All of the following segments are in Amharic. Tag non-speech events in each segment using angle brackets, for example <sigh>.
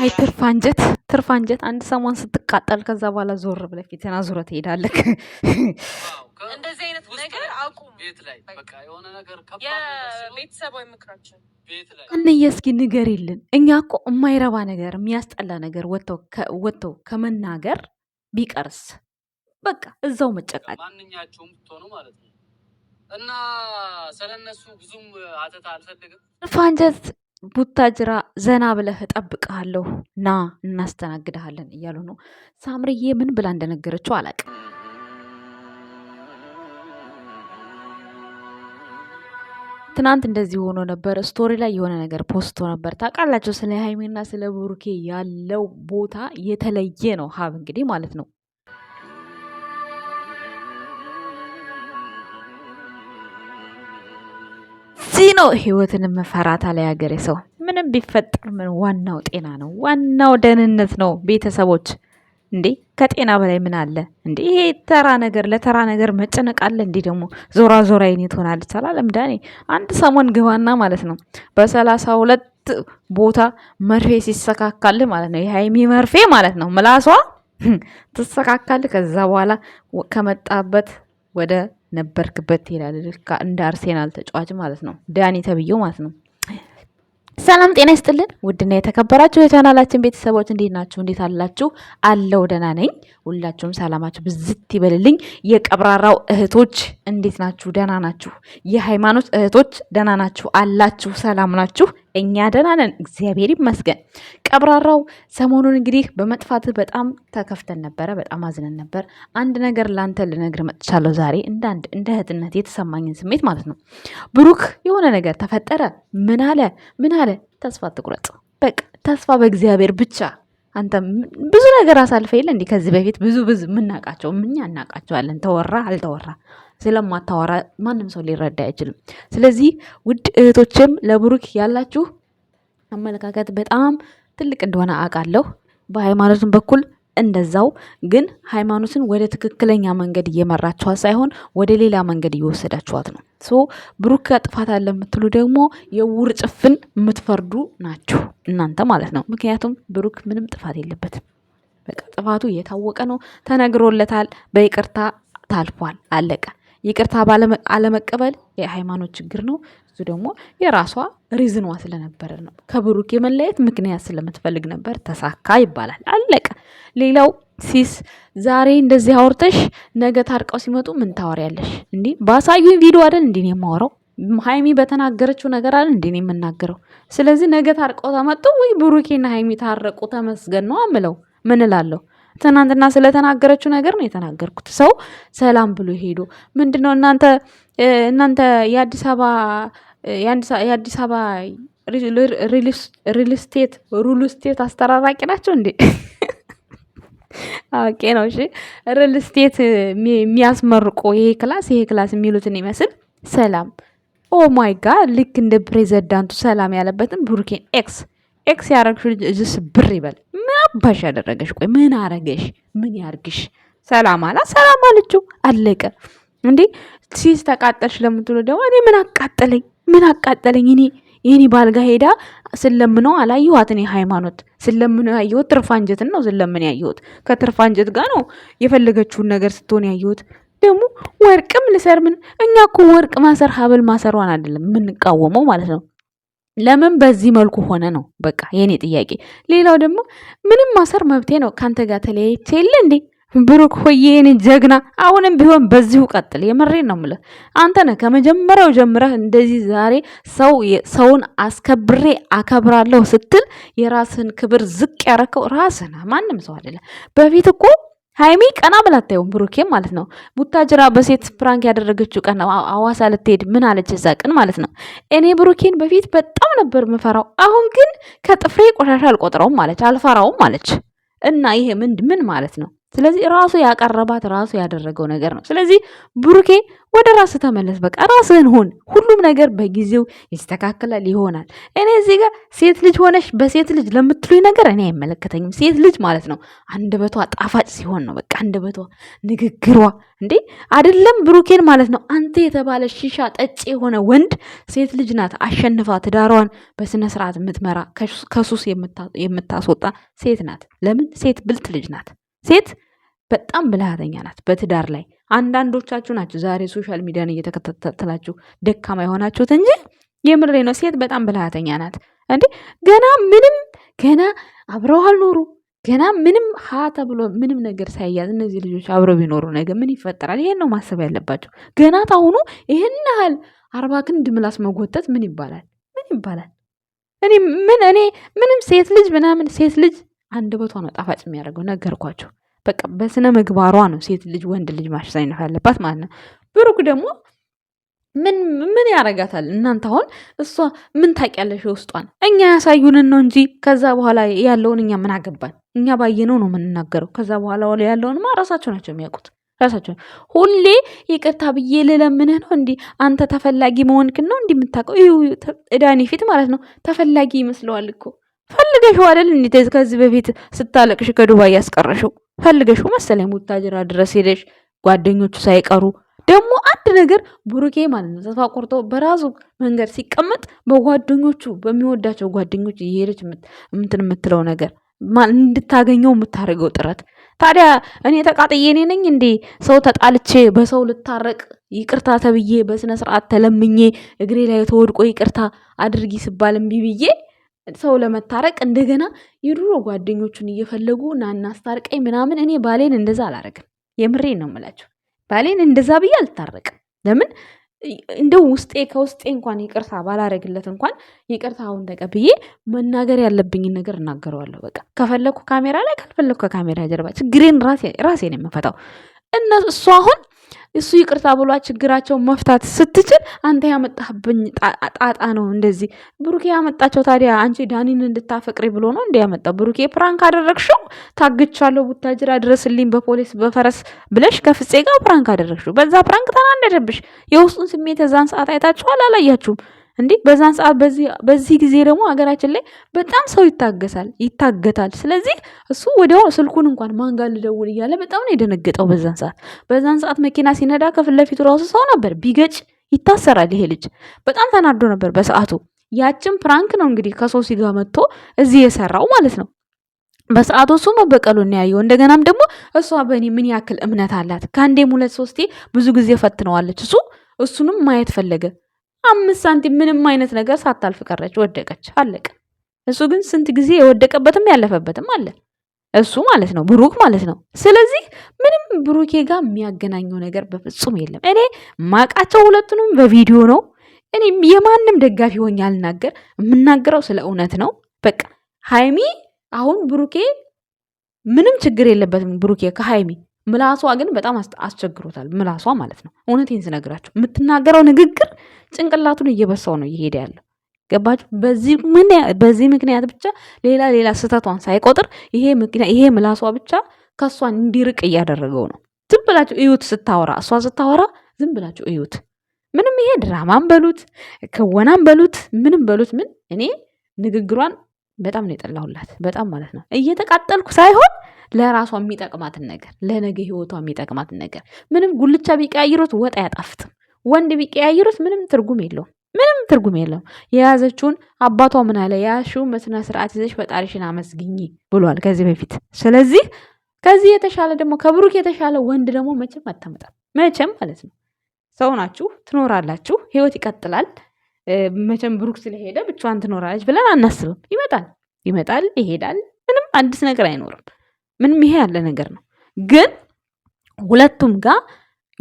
አይ ትርፍ አንጀት ትርፍ አንጀት አንድ ሰሞን ስትቃጠል ከዛ በኋላ ዞር ብለህ ፊትና ዙረ ትሄዳለህ። እንደዚህ አይነት ነገር አቁም። እንየ እስኪ ንገር እኛ እኮ የማይረባ ነገር የሚያስጠላ ነገር ወጥተው ከመናገር ቢቀርስ በቃ እዛው መጨቃጨቅ ማንኛቸውም ብትሆኑ ማለት ነው እና ስለነሱ ብዙም አተታ አልፈልግም። ፋንጀት ቡታጅራ ዘና ብለህ እጠብቅሃለሁ፣ ና እናስተናግድሃለን እያሉ ነው። ሳምርዬ ምን ብላ እንደነገረችው አላቅም ትናንት እንደዚህ ሆኖ ነበር። ስቶሪ ላይ የሆነ ነገር ፖስቶ ነበር። ታውቃላቸው ስለ ሀይሜና ስለ ብሩኬ ያለው ቦታ የተለየ ነው። ሀብ እንግዲህ ማለት ነው ነው ህይወትን መፈራት አለ ያገሬ ሰው። ምንም ቢፈጠር ምን ዋናው ጤና ነው፣ ዋናው ደህንነት ነው። ቤተሰቦች እንዴ ከጤና በላይ ምን አለ እንዴ? ይሄ ተራ ነገር ለተራ ነገር መጨነቅ አለ እንዴ? ደግሞ ዞራ ዞራ ይኔ ትሆናለች አላለም ዳኔ። አንድ ሰሞን ግባና ማለት ነው በሰላሳ ሁለት ቦታ መርፌ ሲሰካካል ማለት ነው የሀይሚ መርፌ ማለት ነው ምላሷ ትሰካካል። ከዛ በኋላ ከመጣበት ወደ ነበርክበት ይላል እንደ አርሴናል ተጫዋች ማለት ነው ዳኒ ተብዬው ማለት ነው። ሰላም ጤና ይስጥልን ውድና የተከበራችሁ የቻናላችን ቤተሰቦች እንዴት ናችሁ? እንዴት አላችሁ? አለው ደህና ነኝ። ሁላችሁም ሰላማችሁ ብዝት ይበልልኝ። የቀብራራው እህቶች እንዴት ናችሁ? ደህና ናችሁ? የሃይማኖት እህቶች ደህና ናችሁ? አላችሁ? ሰላም ናችሁ? እኛ ደህና ነን፣ እግዚአብሔር ይመስገን። ቀብራራው ሰሞኑን እንግዲህ በመጥፋት በጣም ተከፍተን ነበረ፣ በጣም አዝነን ነበር። አንድ ነገር ለአንተ ልነግር መጥቻለሁ ዛሬ እንዳንድ እንደ እህትነት የተሰማኝን ስሜት ማለት ነው። ብሩክ የሆነ ነገር ተፈጠረ። ምን አለ ምን አለ? ተስፋ ትቁረጥ፣ በቃ ተስፋ በእግዚአብሔር ብቻ አንተ ብዙ ነገር አሳልፈ የለ እንዲህ ከዚህ በፊት ብዙ ብዙ የምናውቃቸው እኛ እናውቃቸዋለን። ተወራ አልተወራ ስለማታወራ ማንም ሰው ሊረዳ አይችልም። ስለዚህ ውድ እህቶችም ለብሩክ ያላችሁ አመለካከት በጣም ትልቅ እንደሆነ አውቃለሁ። በሃይማኖትም በኩል እንደዛው ግን ሃይማኖትን ወደ ትክክለኛ መንገድ እየመራችኋት ሳይሆን ወደ ሌላ መንገድ እየወሰዳችኋት ነው። ሶ ብሩክ ጥፋት አለ የምትሉ ደግሞ የውር ጭፍን የምትፈርዱ ናችሁ። እናንተ ማለት ነው። ምክንያቱም ብሩክ ምንም ጥፋት የለበትም። በቃ ጥፋቱ የታወቀ ነው፣ ተነግሮለታል፣ በይቅርታ ታልፏል፣ አለቀ። ይቅርታ አለመቀበል የሃይማኖት ችግር ነው። እሱ ደግሞ የራሷ ሪዝኗ ስለነበረ ነው። ከብሩክ የመለየት ምክንያት ስለምትፈልግ ነበር። ተሳካ ይባላል፣ አለቀ። ሌላው ሲስ ዛሬ እንደዚህ አውርተሽ ነገ ታርቀው ሲመጡ ምን ታወሪያለሽ? እንዲህ ባሳዩኝ ቪዲዮ አይደል እንዲህ የማወራው ሀይሚ በተናገረችው ነገር አለ እንዴ ነው የምናገረው? ስለዚህ ነገ ታርቀው ተመጡ ወይ ብሩኬና ሀይሚ ታረቁ ተመስገን ነው አምለው ምን እላለሁ? ትናንትና ስለተናገረችው ነገር ነው የተናገርኩት። ሰው ሰላም ብሎ ሄዶ ምንድን ነው እናንተ እናንተ የአዲስ አበባ የአዲስ አበባ ሪል ስቴት ሩል ስቴት አስተራራቂ ናቸው እንዴ? አውቄ ነው እሺ። ሪል ስቴት የሚያስመርቆ ይሄ ክላስ ይሄ ክላስ የሚሉትን ይመስል ሰላም ኦ ማይ ጋድ ልክ እንደ ፕሬዘዳንቱ ሰላም ያለበትን ብሩኬን ኤክስ ኤክስ ያረግሽ ልጅ እዚስ ብር ይበል። ምን አባሽ ያደረገሽ? ቆይ ምን አረገሽ? ምን ያርግሽ? ሰላም አላ ሰላም አለችው አለቀ። እንዴ ሲስ ተቃጠልሽ ለምትሉ ደግሞ እኔ ምን አቃጠለኝ? ምን አቃጠለኝ? እኔ ይህኔ ባልጋ ሄዳ ስለምነው አላየኋት። እኔ ሃይማኖት ስለምነው ያየሁት ትርፋንጀትን ነው ስለምን ያየሁት። ከትርፋንጀት ጋር ነው የፈለገችውን ነገር ስትሆን ያየሁት። ደግሞ ወርቅም ልሰር ምን እኛ እኮ ወርቅ ማሰር ሀብል ማሰሯን አይደለም የምንቃወመው ማለት ነው። ለምን በዚህ መልኩ ሆነ ነው በቃ የኔ ጥያቄ። ሌላው ደግሞ ምንም ማሰር መብቴ ነው። ከአንተ ጋር ተለያይቼ የለ እንዴ ብሩክ ሆዬ የኔ ጀግና፣ አሁንም ቢሆን በዚሁ ቀጥል። የምሬን ነው የምልህ። አንተ ነህ ከመጀመሪያው ጀምረህ እንደዚህ ዛሬ ሰው ሰውን አስከብሬ አከብራለሁ ስትል የራስህን ክብር ዝቅ ያረከው ራስህ ነህ፣ ማንም ሰው አይደለም። በፊት እኮ ሀይሚ ቀና ብላ አታየውም፣ ብሩኬም ማለት ነው። ቡታጅራ በሴት ፕራንክ ያደረገችው ቀን አዋሳ ልትሄድ ምን አለች? እዛ ቀን ማለት ነው። እኔ ብሩኬን በፊት በጣም ነበር ምፈራው፣ አሁን ግን ከጥፍሬ ቆሻሻ አልቆጥረውም ማለች፣ አልፈራውም ማለች። እና ይሄ ምን ምን ማለት ነው? ስለዚህ ራሱ ያቀረባት ራሱ ያደረገው ነገር ነው። ስለዚህ ብሩኬ ወደ ራስ ተመለስ፣ በቃ ራስህን ሁን። ሁሉም ነገር በጊዜው ይስተካከላል ይሆናል። እኔ እዚህ ጋር ሴት ልጅ ሆነሽ በሴት ልጅ ለምትሉኝ ነገር እኔ አይመለከተኝም። ሴት ልጅ ማለት ነው አንደበቷ ጣፋጭ ሲሆን ነው በቃ አንደበቷ፣ ንግግሯ እንዴ አይደለም ብሩኬን ማለት ነው። አንተ የተባለ ሺሻ ጠጪ የሆነ ወንድ ሴት ልጅ ናት አሸንፋ ትዳሯን በስነ ስርዓት የምትመራ ከሱስ የምታስወጣ ሴት ናት። ለምን ሴት ብልጥ ልጅ ናት። ሴት በጣም ብልሃተኛ ናት በትዳር ላይ። አንዳንዶቻችሁ ናችሁ ዛሬ ሶሻል ሚዲያን እየተከታተላችሁ ደካማ የሆናችሁት እንጂ የምሬ ነው። ሴት በጣም ብልሃተኛ ናት። እንዴ ገና ምንም ገና አብረው አልኖሩ ገና ምንም ሀ ተብሎ ምንም ነገር ሳያያዝ እነዚህ ልጆች አብረው ቢኖሩ ነገ ምን ይፈጠራል? ይሄን ነው ማሰብ ያለባቸው። ገና ታሁኑ ይህን ያህል አርባ ክንድ ምላስ መጎተት ምን ይባላል? ምን ይባላል? እኔ ምን እኔ ምንም ሴት ልጅ ምናምን ሴት ልጅ አንድ በቷ ነው ጣፋጭ የሚያደርገው። ነገርኳቸው። በቃ በስነ ምግባሯ ነው ሴት ልጅ ወንድ ልጅ ማሸነፍ ያለባት ማለት ነው። ብሩክ ደግሞ ምን ምን ያረጋታል? እናንተ አሁን እሷ ምን ታውቂያለሽ? ውስጧን እኛ ያሳዩንን ነው እንጂ ከዛ በኋላ ያለውን እኛ ምን አገባን? እኛ ባየነው ነው የምንናገረው። ከዛ በኋላ ያለውንማ ራሳቸው ናቸው የሚያውቁት። ራሳቸው ሁሌ ይቅርታ ብዬ ልለምንህ ነው እንዲህ አንተ ተፈላጊ መሆንክን ነው እንዲህ የምታውቀው። ዳኒ ፊት ማለት ነው ተፈላጊ ይመስለዋል እኮ ፈልገሽው አይደል እንዴ? ከዚህ በፊት ስታለቅሽ ከዱባይ ያስቀረሽው ፈልገሽው መሰለኝ። ሙታጅራ ድረስ ሄደሽ ጓደኞቹ ሳይቀሩ ደግሞ አንድ ነገር ብሩኬ ማለት ነው ተስፋ ቆርጦ በራሱ መንገድ ሲቀመጥ በጓደኞቹ በሚወዳቸው ጓደኞች እየሄደች እንትን የምትለው ነገር እንድታገኘው የምታደርገው ጥረት ታዲያ እኔ ተቃጥዬ እኔ ነኝ እንዴ ሰው ተጣልቼ በሰው ልታረቅ ይቅርታ ተብዬ በስነ ስርዓት ተለምኜ እግሬ ላይ ተወድቆ ይቅርታ አድርጊ ስባል እምቢ ብዬ ሰው ለመታረቅ እንደገና የድሮ ጓደኞቹን እየፈለጉ ናና አስታርቀኝ ምናምን። እኔ ባሌን እንደዛ አላረግም። የምሬን ነው የምላቸው። ባሌን እንደዛ ብዬ አልታረቅም። ለምን እንደው ውስጤ ከውስጤ እንኳን ይቅርታ ባላረግለት እንኳን ይቅርታውን ተቀብዬ መናገር ያለብኝን ነገር እናገረዋለሁ። በቃ ከፈለግኩ ካሜራ ላይ፣ ካልፈለግኩ ከካሜራ ጀርባ ችግሬን ራሴ ነው የምፈታው። እነ እሱ አሁን እሱ ይቅርታ ብሏ ችግራቸው መፍታት ስትችል አንተ ያመጣህብኝ ጣጣ ነው። እንደዚህ ብሩኬ ያመጣቸው ታዲያ አንቺ ዳኒን እንድታፈቅሪ ብሎ ነው እንዲ ያመጣው። ብሩኬ ፕራንክ አደረግሽው፣ ታግቻለሁ፣ ቡታጅራ ድረስልኝ በፖሊስ በፈረስ ብለሽ ከፍፄ ጋር ፕራንክ አደረግሽው። በዛ ፕራንክ ተናደደብሽ። የውስጡን ስሜት የዛን ሰዓት አይታችኋል? አላያችሁም? እንዴ በዛን ሰዓት በዚህ ጊዜ ደግሞ ሀገራችን ላይ በጣም ሰው ይታገሳል ይታገታል። ስለዚህ እሱ ወዲያው ስልኩን እንኳን ማን ጋር ልደውል እያለ በጣም ነው የደነገጠው። በዛን ሰዓት በዛን ሰዓት መኪና ሲነዳ ከፊት ለፊቱ ራሱ ሰው ነበር፣ ቢገጭ ይታሰራል። ይሄ ልጅ በጣም ተናዶ ነበር በሰዓቱ። ያችን ፕራንክ ነው እንግዲህ ከሶሲ ጋር መጥቶ እዚህ የሰራው ማለት ነው። በሰዓቱ እሱ መበቀሉ ያየው። እንደገናም ደግሞ እሷ በእኔ ምን ያክል እምነት አላት፣ ከአንዴም ሁለት ሶስቴ ብዙ ጊዜ ፈትነዋለች። እሱ እሱንም ማየት ፈለገ። አምስት ሳንቲም ምንም አይነት ነገር ሳታልፍ ቀረች፣ ወደቀች፣ አለቀ። እሱ ግን ስንት ጊዜ የወደቀበትም ያለፈበትም አለ። እሱ ማለት ነው ብሩክ ማለት ነው። ስለዚህ ምንም ብሩኬ ጋር የሚያገናኘው ነገር በፍጹም የለም። እኔ ማቃቸው ሁለቱንም በቪዲዮ ነው። እኔ የማንም ደጋፊ ሆኜ አልናገር፣ የምናገረው ስለ እውነት ነው። በቃ ሀይሚ አሁን ብሩኬ ምንም ችግር የለበትም። ብሩኬ ከሀይሚ ምላሷ ግን በጣም አስቸግሮታል። ምላሷ ማለት ነው። እውነቴን ስነግራችሁ የምትናገረው ንግግር ጭንቅላቱን እየበሳው ነው እየሄደ ያለው ገባችሁ? በዚህ ምክንያት ብቻ ሌላ ሌላ ስህተቷን ሳይቆጥር ይሄ ምላሷ ብቻ ከእሷ እንዲርቅ እያደረገው ነው። ዝም ብላችሁ እዩት ስታወራ፣ እሷ ስታወራ ዝም ብላችሁ እዩት። ምንም ይሄ ድራማም በሉት ክወናም በሉት ምንም በሉት ምን እኔ ንግግሯን በጣም ነው የጠላሁላት። በጣም ማለት ነው እየተቃጠልኩ ሳይሆን ለራሷ የሚጠቅማትን ነገር ለነገ ህይወቷ የሚጠቅማትን ነገር ምንም ጉልቻ ቢቀያይሩት ወጥ አያጣፍጥም። ወንድ ቢቀያይሩት ምንም ትርጉም የለውም። ምንም ትርጉም የለውም። የያዘችውን አባቷ ምን አለ ያሹ መስና ስርዓት ይዘሽ ፈጣሪሽን አመስግኝ ብሏል ከዚህ በፊት። ስለዚህ ከዚህ የተሻለ ደግሞ ከብሩክ የተሻለ ወንድ ደግሞ መቼም አታመጣም። መቼም ማለት ነው ሰው ናችሁ፣ ትኖራላችሁ፣ ህይወት ይቀጥላል። መቼም ብሩክ ስለሄደ ብቻዋን ትኖራለች ብለን አናስብም። ይመጣል ይመጣል፣ ይሄዳል። ምንም አዲስ ነገር አይኖርም። ምንም ይሄ ያለ ነገር ነው። ግን ሁለቱም ጋር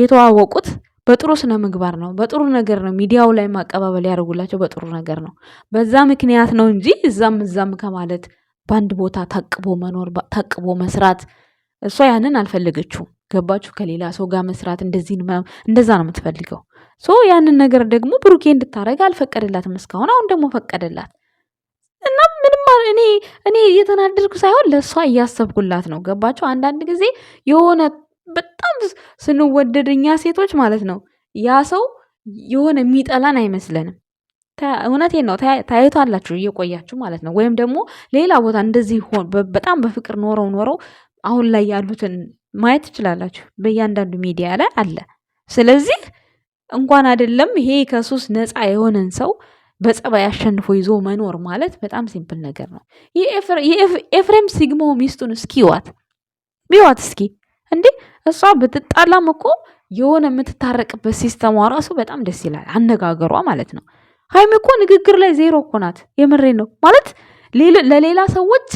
የተዋወቁት በጥሩ ስነ ምግባር ነው። በጥሩ ነገር ነው። ሚዲያው ላይ ማቀባበል ያደርጉላቸው በጥሩ ነገር ነው። በዛ ምክንያት ነው እንጂ እዛም እዛም ከማለት በአንድ ቦታ ታቅቦ መኖር ታቅቦ መስራት እሷ ያንን አልፈለገችውም። ገባችሁ? ከሌላ ሰው ጋር መስራት እንደዚህ እንደዛ ነው የምትፈልገው። ሶ ያንን ነገር ደግሞ ብሩኬ እንድታረግ አልፈቀደላትም እስካሁን። አሁን ደግሞ ፈቀደላት እና ምንም እኔ እኔ እየተናደድኩ ሳይሆን ለእሷ እያሰብኩላት ነው። ገባቸው። አንዳንድ ጊዜ የሆነ በጣም ስንወደድ እኛ ሴቶች ማለት ነው ያ ሰው የሆነ የሚጠላን አይመስለንም። እውነቴን ነው። ታይቷላችሁ እየቆያችሁ ማለት ነው። ወይም ደግሞ ሌላ ቦታ እንደዚህ በጣም በፍቅር ኖረው ኖረው አሁን ላይ ያሉትን ማየት ትችላላችሁ። በእያንዳንዱ ሚዲያ ላይ አለ። ስለዚህ እንኳን አይደለም ይሄ ከሱስ ነፃ የሆነን ሰው በጸባይ አሸንፎ ይዞ መኖር ማለት በጣም ሲምፕል ነገር ነው። የኤፍሬም ሲግሞ ሚስቱን እስኪ ይዋት ቢዋት እስኪ እንዴ እሷ ብትጣላም እኮ የሆነ የምትታረቅበት ሲስተሟ ራሱ በጣም ደስ ይላል፣ አነጋገሯ ማለት ነው። ሀይም እኮ ንግግር ላይ ዜሮ እኮ ናት። የምሬ ነው ማለት ለሌላ ሰዎች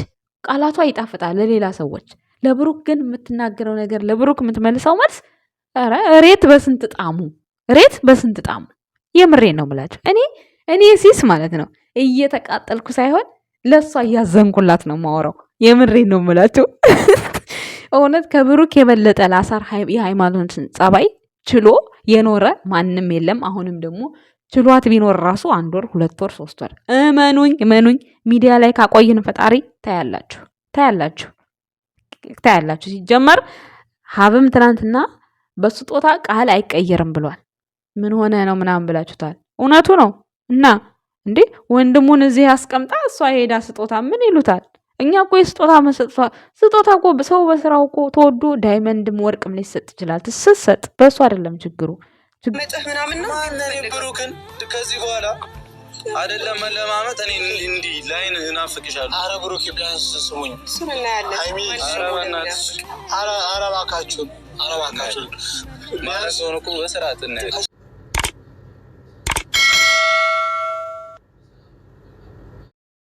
ቃላቷ ይጣፍጣል፣ ለሌላ ሰዎች ለብሩክ ግን የምትናገረው ነገር ለብሩክ የምትመልሰው መልስ ሬት በስንት ጣሙ ሬት በስንት ጣሙ የምሬ ነው ምላችሁ። እኔ እኔ ሲስ ማለት ነው እየተቃጠልኩ ሳይሆን ለእሷ እያዘንኩላት ነው ማወራው። የምሬ ነው ምላችሁ። <laughs> እውነት ከብሩክ የበለጠ ላሳር የሃይማኖትን ጸባይ ችሎ የኖረ ማንም የለም። አሁንም ደግሞ ችሏት ቢኖር ራሱ አንድ ወር፣ ሁለት ወር፣ ሶስት ወር እመኑኝ እመኑኝ ሚዲያ ላይ ካቆይን ፈጣሪ ታያላችሁ ታያላችሁ ታያላችሁ። ሲጀመር ሀብም ትናንትና በስጦታ ቃል አይቀየርም ብሏል። ምን ሆነ ነው ምናምን ብላችሁታል። እውነቱ ነው እና እንዴ ወንድሙን እዚህ አስቀምጣ እሷ ሄዳ ስጦታ ምን ይሉታል? እኛ እኮ የስጦታ መሰጥቷ ስጦታ እኮ ሰው በስራው እኮ ተወዶ ዳይመንድም ወርቅም ሊሰጥ ይችላል። ትስሰጥ በእሱ አይደለም ችግሩ ብሩክን ከዚህ በኋላ አይደለም ለማመጥ እኔ እንዲህ ላይን እናፍቅሻለሁ። ኧረ ብሩክ ቢያንስ ስሙኝ፣ ኧረ እባካችሁን፣ ማለት ሆነ እኮ በስርዓት እናያለን